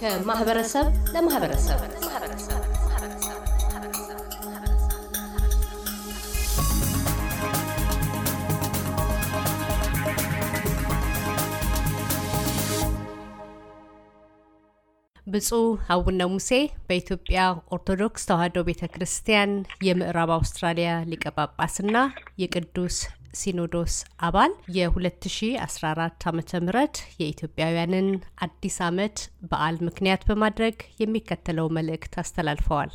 ከማህበረሰብ ለማህበረሰብ ብፁዕ አቡነ ሙሴ በኢትዮጵያ ኦርቶዶክስ ተዋሕዶ ቤተ ክርስቲያን የምዕራብ አውስትራሊያ ሊቀ ጳጳስና የቅዱስ ሲኖዶስ አባል የ2014 ዓ ም የኢትዮጵያውያንን አዲስ ዓመት በዓል ምክንያት በማድረግ የሚከተለው መልእክት አስተላልፈዋል።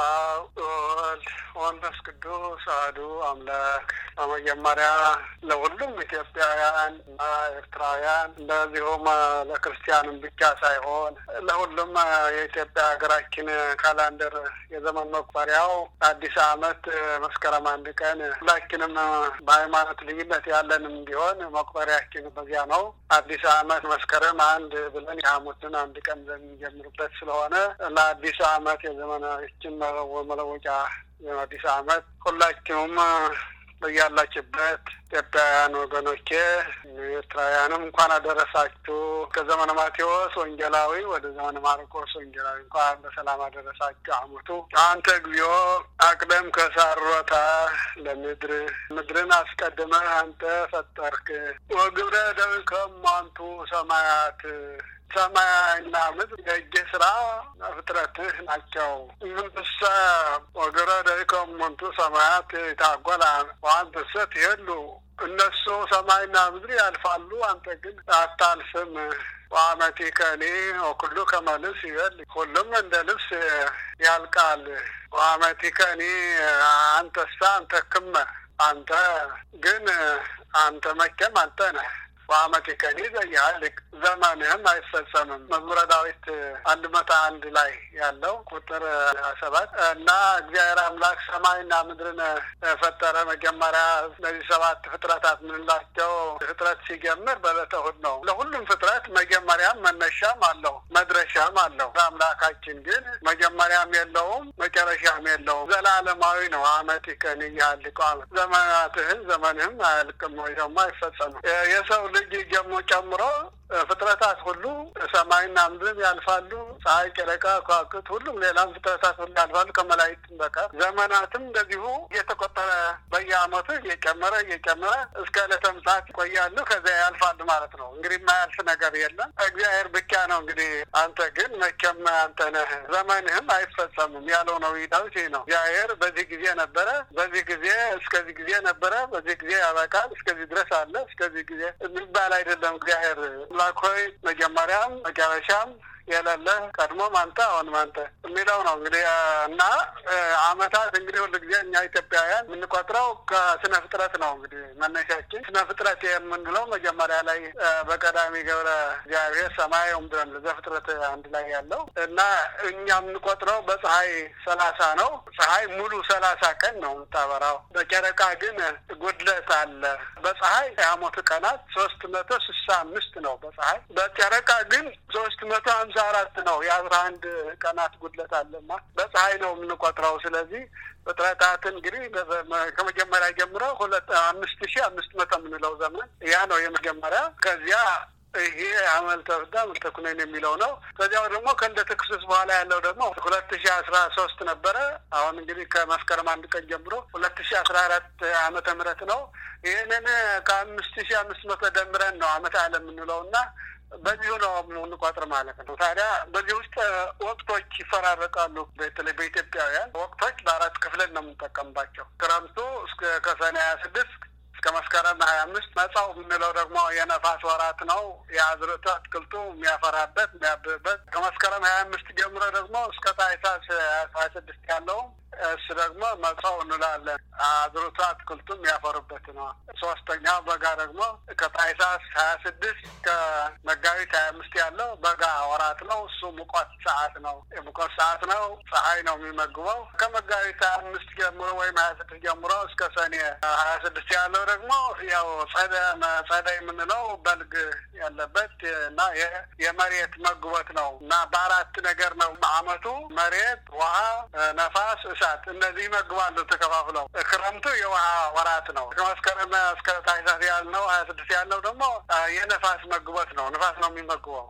አላህ ወልድ ቅዱስ አህዱ አምላክ። በመጀመሪያ ለሁሉም ኢትዮጵያውያን እና ኤርትራውያን እንደዚሁም ለክርስቲያንም ብቻ ሳይሆን ለሁሉም የኢትዮጵያ ሀገራችን ካላንደር የዘመን መቁጠሪያው አዲስ ዓመት መስከረም አንድ ቀን ሁላችንም በሃይማኖት ልዩነት ያለንም ቢሆን መቁጠሪያችን በዚያ ነው። አዲስ ዓመት መስከረም አንድ ብለን የሐሙስን አንድ ቀን የሚጀምርበት ስለሆነ ለአዲስ ዓመት የዘመናችን መለወጫ የአዲስ ዓመት ሁላችሁም በያላችበት ኢትዮጵያውያን ወገኖቼ ኤርትራውያንም እንኳን አደረሳችሁ። ከዘመነ ማቴዎስ ወንጌላዊ ወደ ዘመነ ማርቆስ ወንጌላዊ እንኳን በሰላም አደረሳችሁ። አመቱ አንተ እግዚኦ አቅደም ከሳሮታ ለምድር ምድርን አስቀድመህ አንተ ፈጠርክ ወግብረ ደዊከሙ አንቱ ሰማያት ሰማይና ምድር የእጅ ስራ ፍጥረትህ ናቸው። ምንትሰ ወግብረ ደዊከሙ አንቲ ሰማያት ይታጎላ ሰት ትሄሉ እነሱ ሰማይና ምድር ያልፋሉ፣ አንተ ግን አታልፍም። ዋመቲከ እኔ ወኩሉ ከመ ይበል ሁሉም እንደ ልብስ ያልቃል። ዋመቲከ እኔ አንተሳ አንተ ክመ አንተ ግን አንተ መቼም አንተ ነህ በአመት ቀን ይዘኛል ዘመንህም አይፈጸምም። መዝሙረ ዳዊት አንድ መቶ አንድ ላይ ያለው ቁጥር ሰባት እና እግዚአብሔር አምላክ ሰማይና ምድርን ፈጠረ። መጀመሪያ እነዚህ ሰባት ፍጥረታት ምንላቸው? ፍጥረት ሲጀምር በዕለተ እሑድ ነው። ለሁሉም ፍጥረት መጀመሪያም መነሻም አለው መድረሻም አለው። አምላካችን ግን መጀመሪያም የለውም መጨረሻም የለውም። ዘላለማዊ ነው። አመት ቀን እያልቀ ዘመናትህን ዘመንህም አያልቅም ወይ ደግሞ አይፈጸምም የሰው ልጅ ጀሞ ጨምሮ ፍጥረታት ሁሉ ሰማይና ምድርም ያልፋሉ። ፀሐይ፣ ጨረቃ፣ ከዋክብት ሁሉም ሌላም ፍጥረታት ሁሉ ያልፋሉ ከመላእክትም በቀር ዘመናትም እንደዚሁ እየተቆጠረ በየአመቱ እየጨመረ እየጨመረ እስከ ለተምሳት ይቆያሉ። ከዚያ ያልፋል ማለት ነው። እንግዲህ የማያልፍ ነገር የለም እግዚአብሔር ብቻ ነው። እንግዲህ አንተ ግን መቼም አንተ ነህ፣ ዘመንህም አይፈጸምም ያለው ነው ይዳውት ነው። እግዚአብሔር በዚህ ጊዜ ነበረ፣ በዚህ ጊዜ እስከዚህ ጊዜ ነበረ፣ በዚህ ጊዜ ያበቃል፣ እስከዚህ ድረስ አለ፣ እስከዚህ ጊዜ የሚባል አይደለም። እግዚአብሔር አምላክ ሆይ መጀመሪያም መጨረሻም ያላለ ቀድሞ ማንተ አሁን ማንተ የሚለው ነው እንግዲህ እና አመታት እንግዲህ ሁሉ ጊዜ እኛ ኢትዮጵያውያን የምንቆጥረው ከስነ ፍጥረት ነው። እንግዲህ መነሻችን ስነ ፍጥረት የምንለው መጀመሪያ ላይ በቀዳሚ ገብረ እግዚአብሔር ሰማይ ምድረም ዘፍጥረት አንድ ላይ ያለው እና እኛ የምንቆጥረው በፀሐይ ሰላሳ ነው። ፀሐይ ሙሉ ሰላሳ ቀን ነው የምታበራው። በጨረቃ ግን ጉድለት አለ። በፀሐይ የሐሞቱ ቀናት ሶስት መቶ ስልሳ አምስት ነው በፀሐይ በጨረቃ ግን ሶስት መቶ ሀምሳ አራት ነው የአስራ አንድ ቀናት ጉድለት አለና በፀሐይ ነው የምንቆጥረው። ስለዚህ እጥረታት እንግዲህ ከመጀመሪያ ጀምሮ ሁለት አምስት ሺ አምስት መቶ የምንለው ዘመን ያ ነው የመጀመሪያ ከዚያ ይሄ አመል ተፍዳ ምልተኩነን የሚለው ነው። ከዚያው ደግሞ ከእንደ ትክስስ በኋላ ያለው ደግሞ ሁለት ሺ አስራ ሶስት ነበረ። አሁን እንግዲህ ከመስከረም አንድ ቀን ጀምሮ ሁለት ሺ አስራ አራት አመተ ምህረት ነው። ይህንን ከአምስት ሺ አምስት መቶ ደምረን ነው አመት አለ የምንለው እና በዚሁ ነው እንቋጥር ማለት ነው። ታዲያ በዚህ ውስጥ ወቅቶች ይፈራረቃሉ። በተለይ በኢትዮጵያውያን ወቅቶች በአራት ክፍለን ነው የምንጠቀምባቸው። ክረምቱ ከሰኔ ሀያ ስድስት እስከ መስከረም ሀያ አምስት መጻው የምንለው ደግሞ የነፋስ ወራት ነው። የአዝርዕቱ አትክልቱ የሚያፈራበት የሚያብብበት ከመስከረም ሀያ አምስት ጀምሮ ደግሞ እስከ ታኅሳስ ሀያ ስድስት ያለውም እሱ ደግሞ መጽው እንላለን። አዝርዕቱ አትክልቱም ያፈሩበት ነው። ሶስተኛው በጋ ደግሞ ከታኅሳስ ሀያ ስድስት ከመጋቢት ሀያ አምስት ያለው በጋ ወራት ነው። እሱ ሙቀት ሰዓት ነው። የሙቀት ሰዓት ነው። ፀሐይ ነው የሚመግበው። ከመጋቢት ሀያ አምስት ጀምሮ ወይም ሀያ ስድስት ጀምሮ እስከ ሰኔ ሀያ ስድስት ያለው ደግሞ ያው ጸደ ጸደይ የምንለው በልግ ያለበት እና የመሬት መግቦት ነው እና በአራት ነገር ነው በአመቱ መሬት፣ ውሃ፣ ነፋስ፣ እሳት ወራት እነዚህ ይመግባሉ ተከፋፍለው። ክረምቱ የውሃ ወራት ነው። መስከረም እስከ ታህሳስ ያልነው ሀያ ስድስት ያልነው ደግሞ የነፋስ መግቦት ነው። ነፋስ ነው የሚመግበው።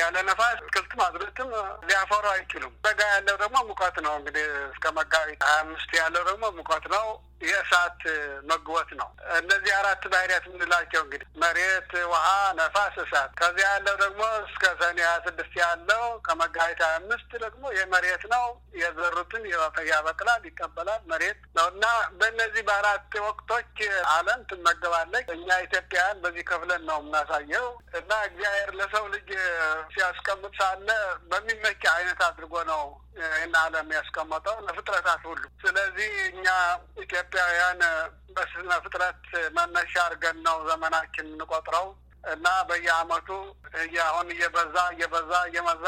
ያለ ነፋስ አትክልትም አዝርዕትም ሊያፈሩ አይችሉም። በጋ ያለው ደግሞ ሙቀት ነው። እንግዲህ እስከ መጋቢት ሀያ አምስት ያለው ደግሞ ሙቀት ነው። የእሳት መግቦት ነው። እነዚህ አራት ባህሪያት የምንላቸው እንግዲህ መሬት፣ ውሃ፣ ነፋስ፣ እሳት። ከዚያ ያለው ደግሞ እስከ ሰኔ ሀያ ስድስት ያለው ከመጋቢት ሀያ አምስት ደግሞ የመሬት ነው። የዘሩትን ያበቅላል፣ ይቀበላል። መሬት ነው እና በእነዚህ በአራት ወቅቶች ዓለም ትመገባለች። እኛ ኢትዮጵያውያን በዚህ ክፍለን ነው የምናሳየው እና እግዚአብሔር ለሰው ልጅ ሲያስቀምጥ ሳለ በሚመች አይነት አድርጎ ነው ይህን ዓለም ያስቀመጠው ለፍጥረታት ሁሉ። ስለዚህ እኛ ኢትዮጵያውያን በስነ ፍጥረት መነሻ አድርገን ነው ዘመናችን እንቆጥረው እና በየዓመቱ አሁን እየበዛ እየበዛ እየመዛ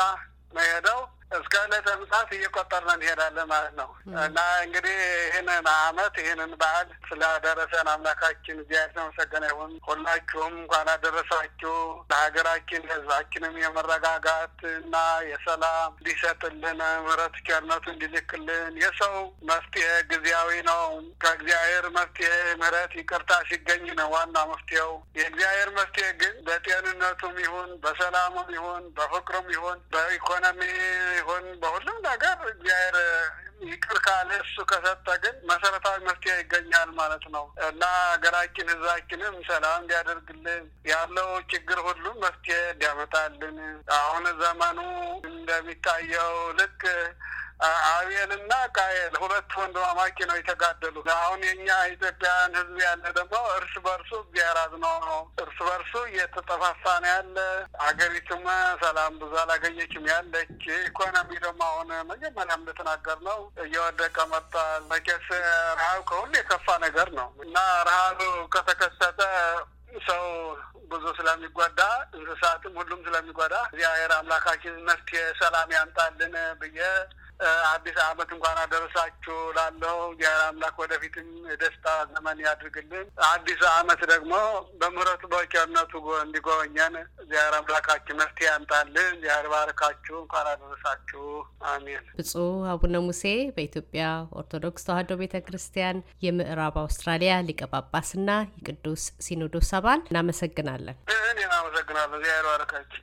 መሄደው እስከ ዕለተ ምጽአት እየቆጠርን እንሄዳለን ማለት ነው እና እንግዲህ ይህንን አመት ይህንን በዓል ስላደረሰን አምላካችን እግዚአብሔር ተመሰገነ ይሁን። ሁላችሁም እንኳን አደረሳችሁ። ለሀገራችን ለሕዝባችንም የመረጋጋት እና የሰላም እንዲሰጥልን ምሕረት ቸርነቱ እንዲልክልን የሰው መፍትሄ ጊዜያዊ ነው። ከእግዚአብሔር መፍትሄ ምሕረት ይቅርታ ሲገኝ ነው ዋና መፍትሄው። የእግዚአብሔር መፍትሄ ግን በጤንነቱም ይሁን በሰላሙም ይሁን በፍቅሩም ይሁን በኢኮኖሚ ይሁን በሁሉም ነገር እግዚአብሔር ይቅር ካለ እሱ ከሰጠ ግን መሰረታዊ መፍትሄ ይገኛል ማለት ነው እና ሀገራችን ህዝባችንም ሰላም እንዲያደርግልን ያለው ችግር ሁሉም መፍትሄ እንዲያመጣልን አሁን ዘመኑ እንደሚታየው ልክ አቤልና ቃየል ሁለት ወንድማማች ነው የተጋደሉ። አሁን የኛ ኢትዮጵያውያን ህዝብ ያለ ደግሞ እርስ በርሱ ቢያራዝ ነው እርስ በርሱ እየተጠፋፋ ነው ያለ። አገሪቱም ሰላም ብዙ አላገኘችም ያለች። ኢኮኖሚ ደግሞ አሁን መጀመሪያ እንደተናገር ነው እየወደቀ መጥቷል። መቼስ ረሀብ ከሁሉ የከፋ ነገር ነው እና ረሀብ ከተከሰተ ሰው ብዙ ስለሚጎዳ እንስሳትም ሁሉም ስለሚጎዳ እግዚአብሔር አምላካችን መፍትሄ ሰላም ያምጣልን ብዬ አዲስ አመት እንኳን አደረሳችሁ ላለው እግዚአብሔር አምላክ ወደፊትም የደስታ ዘመን ያድርግልን። አዲስ አመት ደግሞ በምህረቱ በቸርነቱ እንዲጎበኘን እግዚአብሔር አምላካችን መፍትሄ ያምጣልን። እግዚአብሔር ባርካችሁ እንኳን አደረሳችሁ። አሜን። ብፁዕ አቡነ ሙሴ በኢትዮጵያ ኦርቶዶክስ ተዋሕዶ ቤተ ክርስቲያን የምዕራብ አውስትራሊያ ሊቀ ጳጳስና የቅዱስ ሲኖዶስ አባል እናመሰግናለን። እኔ አመሰግናለሁ። እግዚአብሔር ባርካችሁ።